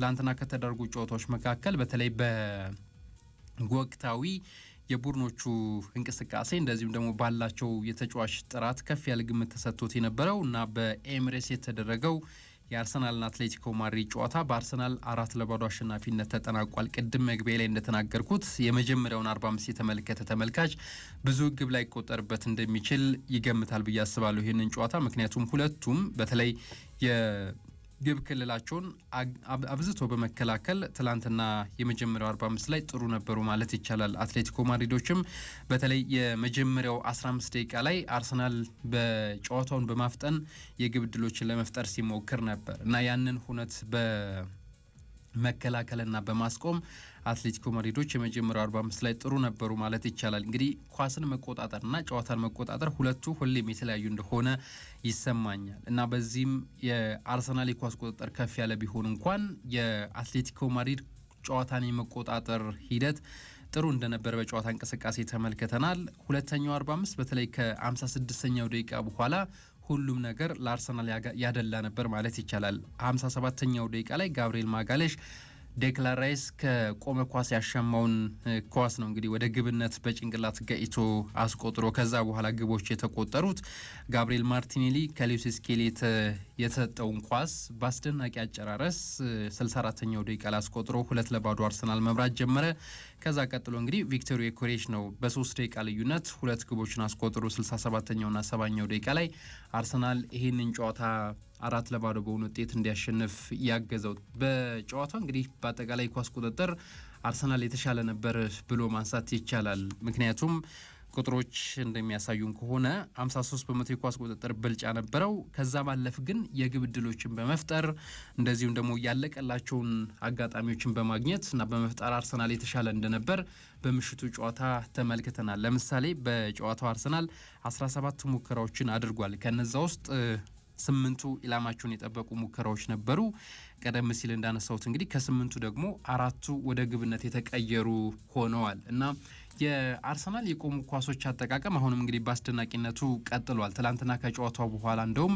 ትላንትና ከተደረጉ ጨዋታዎች መካከል በተለይ በወቅታዊ የቡድኖቹ እንቅስቃሴ እንደዚሁም ደግሞ ባላቸው የተጫዋች ጥራት ከፍ ያለ ግምት ተሰጥቶት የነበረው እና በኤምሬስ የተደረገው የአርሰናልና አትሌቲኮ ማድሪድ ጨዋታ በአርሰናል አራት ለባዶ አሸናፊነት ተጠናቋል። ቅድም መግቢያ ላይ እንደተናገርኩት የመጀመሪያውን 45 የተመለከተ ተመልካች ብዙ ግብ ላይ ቆጠርበት እንደሚችል ይገምታል ብዬ አስባለሁ ይህንን ጨዋታ ምክንያቱም ሁለቱም በተለይ ግብ ክልላቸውን አብዝቶ በመከላከል ትላንትና የመጀመሪያው 45 ላይ ጥሩ ነበሩ ማለት ይቻላል። አትሌቲኮ ማድሪዶችም በተለይ የመጀመሪያው 15 ደቂቃ ላይ አርሰናል በጨዋታውን በማፍጠን የግብ ድሎችን ለመፍጠር ሲሞክር ነበር እና ያንን ሁነት በ መከላከልና በማስቆም አትሌቲኮ ማድሪዶች የመጀመሪያው 45 ላይ ጥሩ ነበሩ ማለት ይቻላል። እንግዲህ ኳስን መቆጣጠርና ጨዋታን መቆጣጠር ሁለቱ ሁሌም የተለያዩ እንደሆነ ይሰማኛል እና በዚህም የአርሰናል የኳስ ቁጥጥር ከፍ ያለ ቢሆን እንኳን የአትሌቲኮ ማድሪድ ጨዋታን የመቆጣጠር ሂደት ጥሩ እንደነበረ በጨዋታ እንቅስቃሴ ተመልክተናል። ሁለተኛው 45 በተለይ ከ56ኛው ደቂቃ በኋላ ሁሉም ነገር ለአርሰናል ያደላ ነበር ማለት ይቻላል። 57ኛው ደቂቃ ላይ ጋብርኤል ማጋሌሽ ዴክላን ራይስ ከቆመ ኳስ ያሸማውን ኳስ ነው እንግዲህ ወደ ግብነት በጭንቅላት ገይቶ አስቆጥሮ ከዛ በኋላ ግቦች የተቆጠሩት ጋብሪኤል ማርቲኔሊ ከሉዊስ ስኬሊ የተሰጠውን ኳስ በአስደናቂ አጨራረስ 64ኛው ደቂቃ ላይ አስቆጥሮ ሁለት ለባዶ አርሰናል መምራት ጀመረ። ከዛ ቀጥሎ እንግዲህ ቪክቶሪ ኮሬሽ ነው በሶስት ደቂቃ ልዩነት ሁለት ግቦችን አስቆጥሮ 67ኛውና ሰባኛው ደቂቃ ላይ አርሰናል ይህንን ጨዋታ አራት ለባዶ በሆነ ውጤት እንዲያሸንፍ ያገዘው። በጨዋታ እንግዲህ በአጠቃላይ ኳስ ቁጥጥር አርሰናል የተሻለ ነበር ብሎ ማንሳት ይቻላል። ምክንያቱም ቁጥሮች እንደሚያሳዩን ከሆነ 53 በመቶ የኳስ ቁጥጥር ብልጫ ነበረው። ከዛ ባለፍ ግን የግብ ድሎችን በመፍጠር እንደዚሁም ደግሞ ያለቀላቸውን አጋጣሚዎችን በማግኘት እና በመፍጠር አርሰናል የተሻለ እንደነበር በምሽቱ ጨዋታ ተመልክተናል። ለምሳሌ በጨዋታው አርሰናል 17 ሙከራዎችን አድርጓል። ከነዛ ውስጥ ስምንቱ ኢላማቸውን የጠበቁ ሙከራዎች ነበሩ። ቀደም ሲል እንዳነሳሁት እንግዲህ ከስምንቱ ደግሞ አራቱ ወደ ግብነት የተቀየሩ ሆነዋል እና የአርሰናል የቆሙ ኳሶች አጠቃቀም አሁንም እንግዲህ በአስደናቂነቱ ቀጥሏል። ትላንትና ከጨዋታው በኋላ እንደውም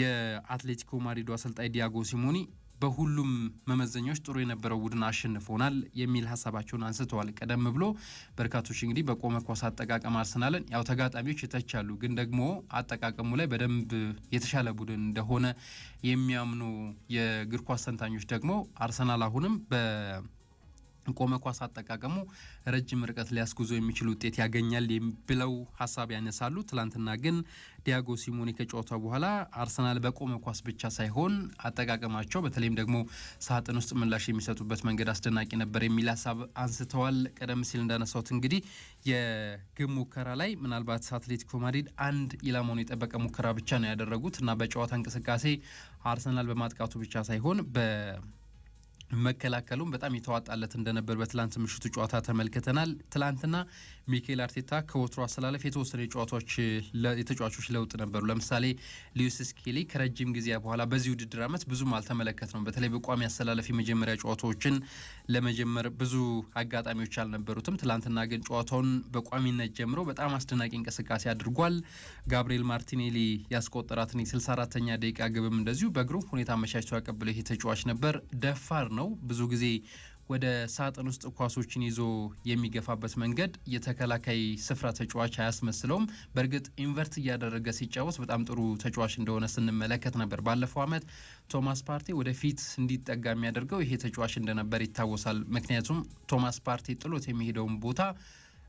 የአትሌቲኮ ማድሪዱ አሰልጣኝ ዲያጎ ሲሞኒ በሁሉም መመዘኛዎች ጥሩ የነበረው ቡድን አሸንፎናል የሚል ሀሳባቸውን አንስተዋል። ቀደም ብሎ በርካቶች እንግዲህ በቆመ ኳስ አጠቃቀም አርሰናልን ያው ተጋጣሚዎች ይተቻሉ፣ ግን ደግሞ አጠቃቀሙ ላይ በደንብ የተሻለ ቡድን እንደሆነ የሚያምኑ የእግር ኳስ ተንታኞች ደግሞ አርሰናል አሁንም በ ቆመ ኳስ አጠቃቀሙ ረጅም ርቀት ሊያስጉዞ የሚችል ውጤት ያገኛል ብለው ሀሳብ ያነሳሉ። ትላንትና ግን ዲያጎ ሲሞኔ ከጨዋታ በኋላ አርሰናል በቆመ ኳስ ብቻ ሳይሆን አጠቃቀማቸው በተለይም ደግሞ ሳጥን ውስጥ ምላሽ የሚሰጡበት መንገድ አስደናቂ ነበር የሚል ሀሳብ አንስተዋል። ቀደም ሲል እንዳነሳሁት እንግዲህ የግብ ሙከራ ላይ ምናልባት አትሌቲኮ ማድሪድ አንድ ኢላማውን የጠበቀ ሙከራ ብቻ ነው ያደረጉት እና በጨዋታ እንቅስቃሴ አርሰናል በማጥቃቱ ብቻ ሳይሆን በ መከላከሉም በጣም የተዋጣለት እንደነበር በትላንት ምሽቱ ጨዋታ ተመልክተናል። ትላንትና ሚካኤል አርቴታ ከወትሮ አሰላለፍ የተወሰነ ጨዋታዎች የተጫዋቾች ለውጥ ነበሩ። ለምሳሌ ሊዩስ ስኬሊ ከረጅም ጊዜ በኋላ በዚህ ውድድር አመት ብዙም አልተመለከት ነው። በተለይ በቋሚ አሰላለፍ የመጀመሪያ ጨዋታዎችን ለመጀመር ብዙ አጋጣሚዎች አልነበሩትም። ትላንትና ግን ጨዋታውን በቋሚነት ጀምሮ በጣም አስደናቂ እንቅስቃሴ አድርጓል። ጋብሪኤል ማርቲኔሊ ያስቆጠራትን የ64ተኛ ደቂቃ ግብም እንደዚሁ በግሩም ሁኔታ አመቻችቶ ያቀበለው ይሄ ተጫዋች ነበር። ደፋር ነው። ብዙ ጊዜ ወደ ሳጥን ውስጥ ኳሶችን ይዞ የሚገፋበት መንገድ የተከላካይ ስፍራ ተጫዋች አያስመስለውም። በእርግጥ ኢንቨርት እያደረገ ሲጫወት በጣም ጥሩ ተጫዋች እንደሆነ ስንመለከት ነበር። ባለፈው ዓመት ቶማስ ፓርቴ ወደፊት እንዲጠጋ የሚያደርገው ይሄ ተጫዋች እንደነበር ይታወሳል። ምክንያቱም ቶማስ ፓርቴ ጥሎት የሚሄደውን ቦታ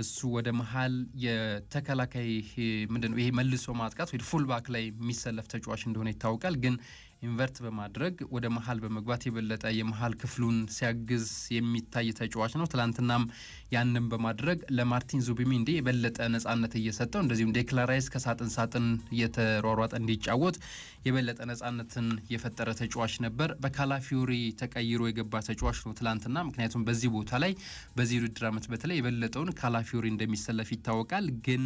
እሱ ወደ መሀል የተከላካይ ምንድነው ይሄ መልሶ ማጥቃት ወይ ፉልባክ ላይ የሚሰለፍ ተጫዋች እንደሆነ ይታወቃል። ግን ኢንቨርት በማድረግ ወደ መሀል በመግባት የበለጠ የመሀል ክፍሉን ሲያግዝ የሚታይ ተጫዋች ነው። ትላንትናም ያንን በማድረግ ለማርቲን ዙቢሜንዲ የበለጠ ነጻነት እየሰጠው እንደዚሁም ዴክላን ከሳጥን ሳጥን እየተሯሯጠ እንዲጫወት የበለጠ ነጻነትን የፈጠረ ተጫዋች ነበር። በካላፊዮሪ ተቀይሮ የገባ ተጫዋች ነው ትላንትና። ምክንያቱም በዚህ ቦታ ላይ በዚህ ውድድር ዓመት በተለይ የበለጠውን ካላፊዮሪ እንደሚሰለፍ ይታወቃል ግን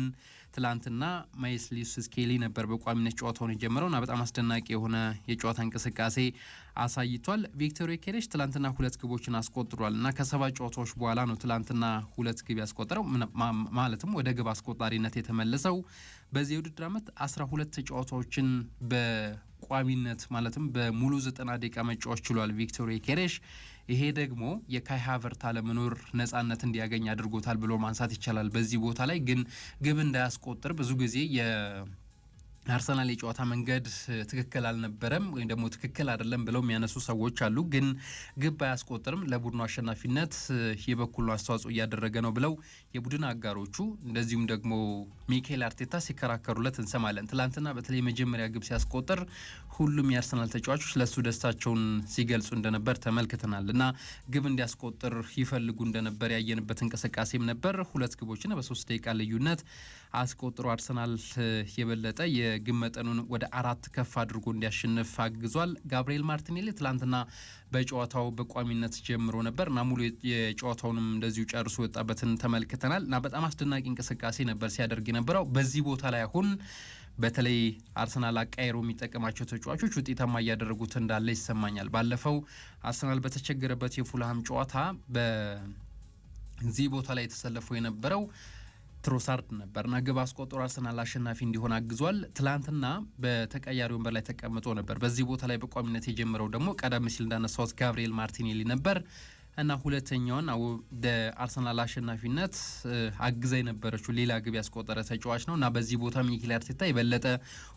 ትላንትና ማይስሊስ ስኬሊ ነበር በቋሚነት ጨዋታውን ና በጣም አስደናቂ የሆነ የጨዋታ እንቅስቃሴ አሳይቷል። ቪክቶር ኬሬሽ ትላንትና ሁለት ግቦችን አስቆጥሯል እና ከሰባት ጨዋታዎች በኋላ ነው ትላንትና ሁለት ግብ ያስቆጠረው ማለትም ወደ ግብ አስቆጣሪነት የተመለሰው። በዚህ የውድድር ዓመት አስራ ሁለት ጨዋታዎችን በ በቋሚነት ማለትም በሙሉ ዘጠና ደቂቃ መጫወት ችሏል ቪክቶሪ ኬሬሽ። ይሄ ደግሞ የካይ ሃቨርት አለመኖር ነጻነት እንዲያገኝ አድርጎታል ብሎ ማንሳት ይቻላል። በዚህ ቦታ ላይ ግን ግብ እንዳያስቆጥር ብዙ ጊዜ አርሰናል የጨዋታ መንገድ ትክክል አልነበረም ወይም ደግሞ ትክክል አይደለም ብለው የሚያነሱ ሰዎች አሉ። ግን ግብ አያስቆጥርም ለቡድኑ አሸናፊነት የበኩሉን አስተዋጽኦ እያደረገ ነው ብለው የቡድን አጋሮቹ እንደዚሁም ደግሞ ሚካኤል አርቴታ ሲከራከሩለት እንሰማለን። ትላንትና በተለይ መጀመሪያ ግብ ሲያስቆጥር ሁሉም የአርሰናል ተጫዋቾች ለእሱ ደስታቸውን ሲገልጹ እንደነበር ተመልክተናል እና ግብ እንዲያስቆጥር ይፈልጉ እንደነበር ያየንበት እንቅስቃሴም ነበር። ሁለት ግቦችና በሶስት ደቂቃ ልዩነት አስቆጥሮ አርሰናል የበለጠ የግብ መጠኑን ወደ አራት ከፍ አድርጎ እንዲያሸንፍ አግዟል። ጋብርኤል ማርቲኔሊ ትላንትና በጨዋታው በቋሚነት ጀምሮ ነበር እና ሙሉ የጨዋታውንም እንደዚሁ ጨርሶ የወጣበትን ተመልክተናል እና በጣም አስደናቂ እንቅስቃሴ ነበር ሲያደርግ የነበረው በዚህ ቦታ ላይ አሁን በተለይ አርሰናል አቃይሮ የሚጠቀማቸው ተጫዋቾች ውጤታማ እያደረጉት እንዳለ ይሰማኛል። ባለፈው አርሰናል በተቸገረበት የፉልሃም ጨዋታ በዚህ ቦታ ላይ የተሰለፈው የነበረው ትሮሳርድ ነበርና ግብ አስቆጥሮ አርሰናል አሸናፊ እንዲሆን አግዟል። ትላንትና በተቀያሪ ወንበር ላይ ተቀምጦ ነበር። በዚህ ቦታ ላይ በቋሚነት የጀመረው ደግሞ ቀደም ሲል እንዳነሳሁት ጋብርኤል ማርቲኔሊ ነበር እና ሁለተኛውን አርሰናል አሸናፊነት አግዛ የነበረችው ሌላ ግብ ያስቆጠረ ተጫዋች ነው እና በዚህ ቦታ ሚኬል አርቴታ የበለጠ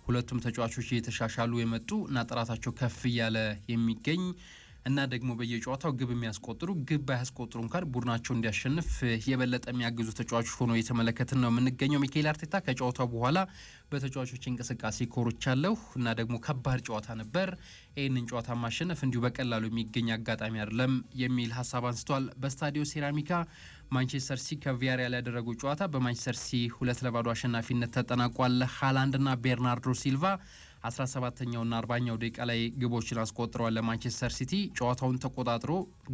ሁለቱም ተጫዋቾች እየተሻሻሉ የመጡ እና ጥራታቸው ከፍ እያለ የሚገኝ እና ደግሞ በየጨዋታው ግብ የሚያስቆጥሩ ግብ ባያስቆጥሩ እንኳን ቡድናቸው እንዲያሸንፍ የበለጠ የሚያግዙ ተጫዋቾች ሆኖ የተመለከትን ነው የምንገኘው። ሚካኤል አርቴታ ከጨዋታው በኋላ በተጫዋቾች እንቅስቃሴ ኮርቻለሁ እና ደግሞ ከባድ ጨዋታ ነበር፣ ይህንን ጨዋታ ማሸነፍ እንዲሁ በቀላሉ የሚገኝ አጋጣሚ አይደለም የሚል ሀሳብ አንስቷል። በስታዲዮ ሴራሚካ ማንቸስተር ሲቲ ከቪያሪያል ያደረገው ጨዋታ በማንቸስተር ሲቲ ሁለት ለባዶ አሸናፊነት ተጠናቋል። ሃላንድ ቤርናርዶ ሲልቫ 17ኛውና 40ኛው ደቂቃ ላይ ግቦችን አስቆጥረዋል። ለማንቸስተር ሲቲ ጨዋታውን ተቆጣጥሮ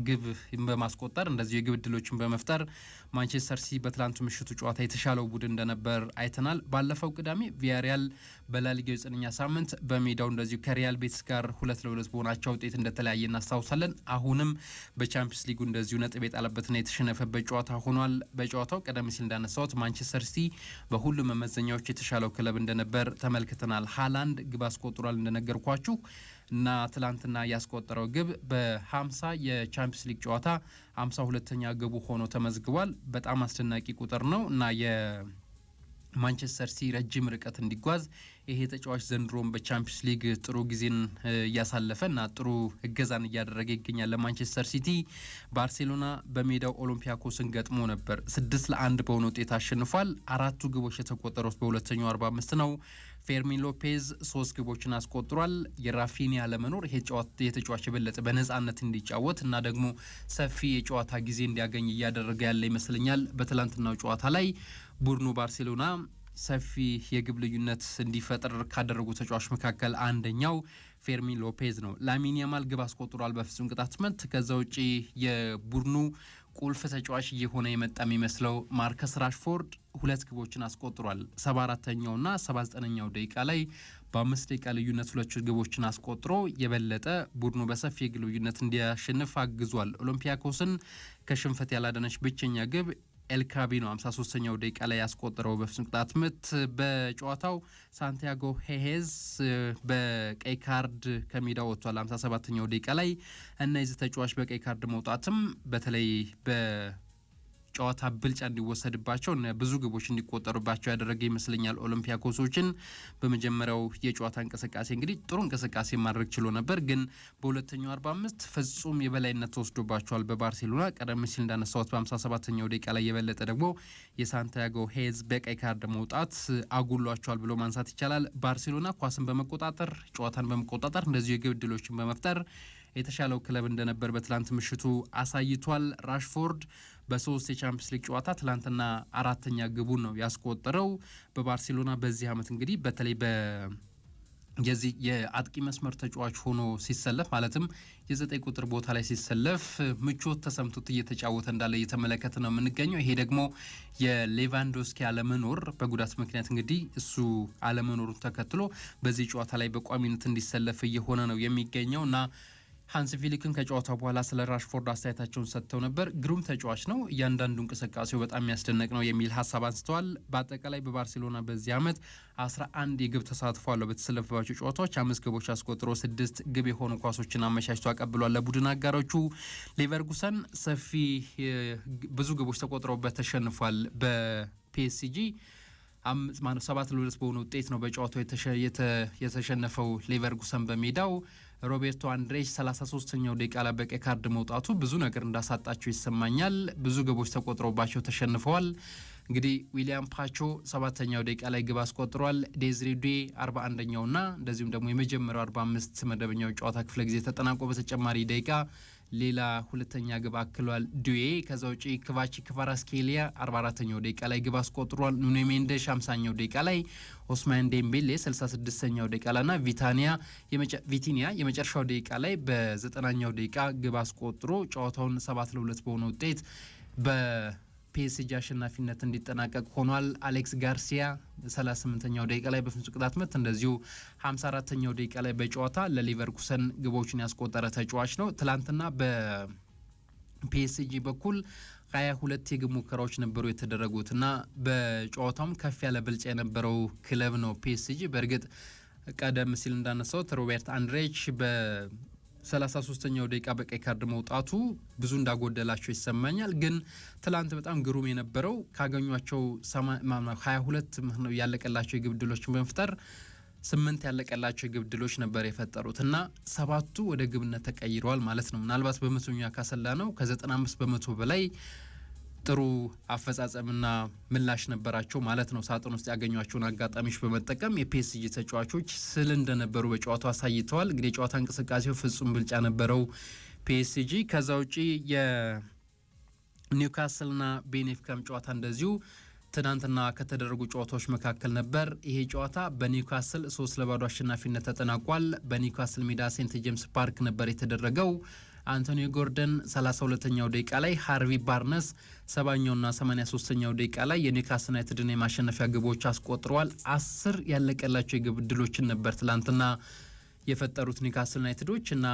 ግብ በማስቆጠር እንደዚሁ የግብ እድሎችን በመፍጠር ማንቸስተር ሲቲ በትላንቱ ምሽቱ ጨዋታ የተሻለው ቡድን እንደነበር አይተናል። ባለፈው ቅዳሜ ቪያሪያል በላሊጋው የጽንኛ ሳምንት በሜዳው እንደዚሁ ከሪያል ቤትስ ጋር ሁለት ለሁለት በሆናቸው ውጤት እንደተለያየ እናስታውሳለን። አሁንም በቻምፒየንስ ሊጉ እንደዚሁ ነጥብ የጣለበትና የተሸነፈበት ጨዋታ ሆኗል። በጨዋታው ቀደም ሲል እንዳነሳሁት ማንቸስተር ሲቲ በሁሉም መመዘኛዎች የተሻለው ክለብ እንደነበር ተመልክተናል። ሃላንድ ግብ አስቆጥሯል እንደነገርኳችሁ እና ትላንትና ያስቆጠረው ግብ በ50 የቻምፒየንስ ሊግ ጨዋታ 52ኛ ግቡ ሆኖ ተመዝግቧል። በጣም አስደናቂ ቁጥር ነው እና ማንቸስተር ሲቲ ረጅም ርቀት እንዲጓዝ ይሄ ተጫዋች ዘንድሮም በቻምፒዮንስ ሊግ ጥሩ ጊዜን እያሳለፈና ጥሩ እገዛን እያደረገ ይገኛል ለማንቸስተር ሲቲ። ባርሴሎና በሜዳው ኦሎምፒያኮስን ገጥሞ ነበር። ስድስት ለአንድ በሆነ ውጤት አሸንፏል። አራቱ ግቦች የተቆጠሩት በሁለተኛው አርባ አምስት ነው። ፌርሚን ሎፔዝ ሶስት ግቦችን አስቆጥሯል። የራፊኒያ አለመኖር የተጫዋች የበለጠ በነጻነት እንዲጫወት እና ደግሞ ሰፊ የጨዋታ ጊዜ እንዲያገኝ እያደረገ ያለ ይመስለኛል። በትላንትናው ጨዋታ ላይ ቡድኑ ባርሴሎና ሰፊ የግብ ልዩነት እንዲፈጠር ካደረጉ ተጫዋች መካከል አንደኛው ፌርሚን ሎፔዝ ነው። ላሚን ያማል ግብ አስቆጥሯል በፍጹም ቅጣት ምት። ከዛ ውጪ የቡድኑ ቁልፍ ተጫዋች እየሆነ የመጣ የሚመስለው ማርከስ ራሽፎርድ ሁለት ግቦችን አስቆጥሯል። 74ተኛውና 79ኛው ደቂቃ ላይ በአምስት ደቂቃ ልዩነት ሁለት ግቦችን አስቆጥሮ የበለጠ ቡድኑ በሰፊ የግብ ልዩነት እንዲያሸንፍ አግዟል። ኦሎምፒያኮስን ከሽንፈት ያላደነች ብቸኛ ግብ ኤልካቢ ነው 53ኛው ደቂቃ ላይ ያስቆጠረው በፍጹም ቅጣት ምት። በጨዋታው ሳንቲያጎ ሄሄዝ በቀይ ካርድ ከሜዳ ወጥቷል 57ኛው ደቂቃ ላይ። እና እነዚህ ተጫዋች በቀይ ካርድ መውጣትም በተለይ በ ጨዋታ ብልጫ እንዲወሰድባቸው ብዙ ግቦች እንዲቆጠሩባቸው ያደረገ ይመስለኛል። ኦሎምፒያኮሶችን በመጀመሪያው የጨዋታ እንቅስቃሴ እንግዲህ ጥሩ እንቅስቃሴ ማድረግ ችሎ ነበር፣ ግን በሁለተኛው 45 ፍጹም የበላይነት ተወስዶባቸዋል በባርሴሎና ቀደም ሲል እንዳነሳሁት በ57ኛው ደቂቃ ላይ የበለጠ ደግሞ የሳንቲያጎ ሄዝ በቀይ ካርድ መውጣት አጉሏቸዋል ብሎ ማንሳት ይቻላል። ባርሴሎና ኳስን በመቆጣጠር ጨዋታን በመቆጣጠር እንደዚሁ የግብ ድሎችን በመፍጠር የተሻለው ክለብ እንደነበር በትላንት ምሽቱ አሳይቷል። ራሽፎርድ በሶስት የቻምፒየንስ ሊግ ጨዋታ ትላንትና አራተኛ ግቡን ነው ያስቆጠረው በባርሴሎና በዚህ ዓመት እንግዲህ በተለይ በ የዚህ የአጥቂ መስመር ተጫዋች ሆኖ ሲሰለፍ ማለትም የዘጠኝ ቁጥር ቦታ ላይ ሲሰለፍ ምቾት ተሰምቶት እየተጫወተ እንዳለ እየተመለከተ ነው የምንገኘው። ይሄ ደግሞ የሌቫንዶስኪ አለመኖር በጉዳት ምክንያት እንግዲህ እሱ አለመኖሩን ተከትሎ በዚህ ጨዋታ ላይ በቋሚነት እንዲሰለፍ እየሆነ ነው የሚገኘው እና ሃንስ ፊሊክም ከጨዋታ በኋላ ስለ ራሽፎርድ አስተያየታቸውን ሰጥተው ነበር። ግሩም ተጫዋች ነው፣ እያንዳንዱ እንቅስቃሴው በጣም የሚያስደነቅ ነው የሚል ሀሳብ አንስተዋል። በአጠቃላይ በባርሴሎና በዚህ ዓመት 11 የግብ ተሳትፎ አለው። በተሰለፈባቸው ጨዋታዎች አምስት ግቦች አስቆጥሮ ስድስት ግብ የሆኑ ኳሶችን አመቻችቶ አቀብሏል። ለቡድን አጋሮቹ ሌቨርጉሰን ሰፊ ብዙ ግቦች ተቆጥረውበት ተሸንፏል በፒኤስጂ ሰባት ለሁለት በሆነ ውጤት ነው በጨዋታው የተሸነፈው ሌቨርጉሰን በሜዳው ሮቤርቶ አንድሬጅ 33ኛው ደቂቃ ላይ በቀይ ካርድ መውጣቱ ብዙ ነገር እንዳሳጣቸው ይሰማኛል። ብዙ ግቦች ተቆጥሮባቸው ተሸንፈዋል። እንግዲህ ዊሊያም ፓቾ ሰባተኛው ደቂቃ ላይ ግብ አስቆጥሯል። ዴዝሬዴ 41 አንደኛውና እንደዚሁም ደግሞ የመጀመሪያው አምስት መደበኛው ጨዋታ ክፍለ ጊዜ ተጠናቆ በተጨማሪ ደቂቃ ሌላ ሁለተኛ ግብ አክሏል ዱዌ። ከዛ ውጭ ክቫቺ ክቫራስኬሊያ 44ኛው ደቂቃ ላይ ግብ አስቆጥሯል። ኑኔ 5 50 ደቂቃ ላይ፣ ኦስማን ዴምቤሌ 66ኛው ደቂቃ ላይ ና ቪቲኒያ የመጨረሻው ደቂቃ ላይ በዘጠናኛው ደቂቃ ግብ አስቆጥሮ ጨዋታውን ሰባት ለሁለት በሆነ ውጤት በ ፒኤስጂ አሸናፊነት እንዲጠናቀቅ ሆኗል። አሌክስ ጋርሲያ 38ኛው ደቂቃ ላይ በፍጹም ቅጣት ምት እንደዚሁ 54ኛው ደቂቃ ላይ በጨዋታ ለሊቨርኩሰን ግቦችን ያስቆጠረ ተጫዋች ነው። ትላንትና በፒኤስጂ በኩል ሀያ ሁለት የግብ ሙከራዎች ነበሩ የተደረጉት እና በጨዋታውም ከፍ ያለ ብልጫ የነበረው ክለብ ነው ፒኤስጂ በእርግጥ ቀደም ሲል እንዳነሳውት ሮቤርት አንድሬች 33ኛው ደቂቃ በቀይ ካርድ መውጣቱ ብዙ እንዳጎደላቸው ይሰማኛል። ግን ትላንት በጣም ግሩም የነበረው ካገኟቸው 22 ነው ያለቀላቸው የግብ በመፍጠር ስምንት ያለቀላቸው የግብ ነበር የፈጠሩት እና ሰባቱ ወደ ግብነት ተቀይረዋል ማለት ነው። ምናልባት በመቶኛ ካሰላ ነው ከ95 በመቶ በላይ ጥሩ አፈጻጸምና ምላሽ ነበራቸው ማለት ነው። ሳጥን ውስጥ ያገኟቸውን አጋጣሚዎች በመጠቀም የፒኤስጂ ተጫዋቾች ስል እንደነበሩ በጨዋታው አሳይተዋል። እንግዲህ የጨዋታ እንቅስቃሴው ፍጹም ብልጫ ነበረው ፒኤስጂ። ከዛ ውጪ የኒውካስልና ቤኔፊካም ጨዋታ እንደዚሁ ትናንትና ከተደረጉ ጨዋታዎች መካከል ነበር። ይሄ ጨዋታ በኒውካስል ሶስት ለባዶ አሸናፊነት ተጠናቋል። በኒውካስል ሜዳ ሴንት ጄምስ ፓርክ ነበር የተደረገው። አንቶኒ ጎርደን 32ኛው ደቂቃ ላይ፣ ሃርቪ ባርነስ 70ኛውና 83ኛው ደቂቃ ላይ የኒውካስል ዩናይትድን የማሸነፊያ ግቦች አስቆጥረዋል። አስር ያለቀላቸው የግብ እድሎችን ነበር ትላንትና የፈጠሩት ኒካስል ዩናይትዶች እና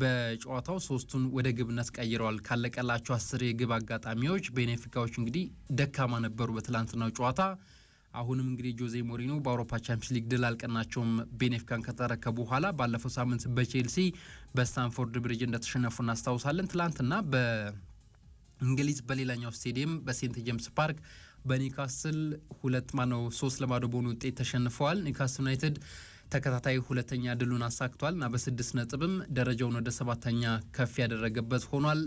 በጨዋታው ሶስቱን ወደ ግብነት ቀይረዋል። ካለቀላቸው አስር የግብ አጋጣሚዎች ቤኔፊካዎች እንግዲህ ደካማ ነበሩ በትላንትናው ጨዋታ። አሁንም እንግዲህ ጆዜ ሞሪኖ በአውሮፓ ቻምፒዮንስ ሊግ ድል አልቀናቸውም። ቤኔፊካን ከተረከቡ በኋላ ባለፈው ሳምንት በቼልሲ በስታንፎርድ ብሪጅ እንደተሸነፉ እናስታውሳለን። ትላንትና በእንግሊዝ በሌላኛው ስቴዲየም በሴንት ጄምስ ፓርክ በኒካስል ሁለት ማነው ሶስት ለባዶ በሆኑ ውጤት ተሸንፈዋል። ኒካስል ዩናይትድ ተከታታይ ሁለተኛ ድሉን አሳክቷል እና በስድስት ነጥብም ደረጃውን ወደ ሰባተኛ ከፍ ያደረገበት ሆኗል።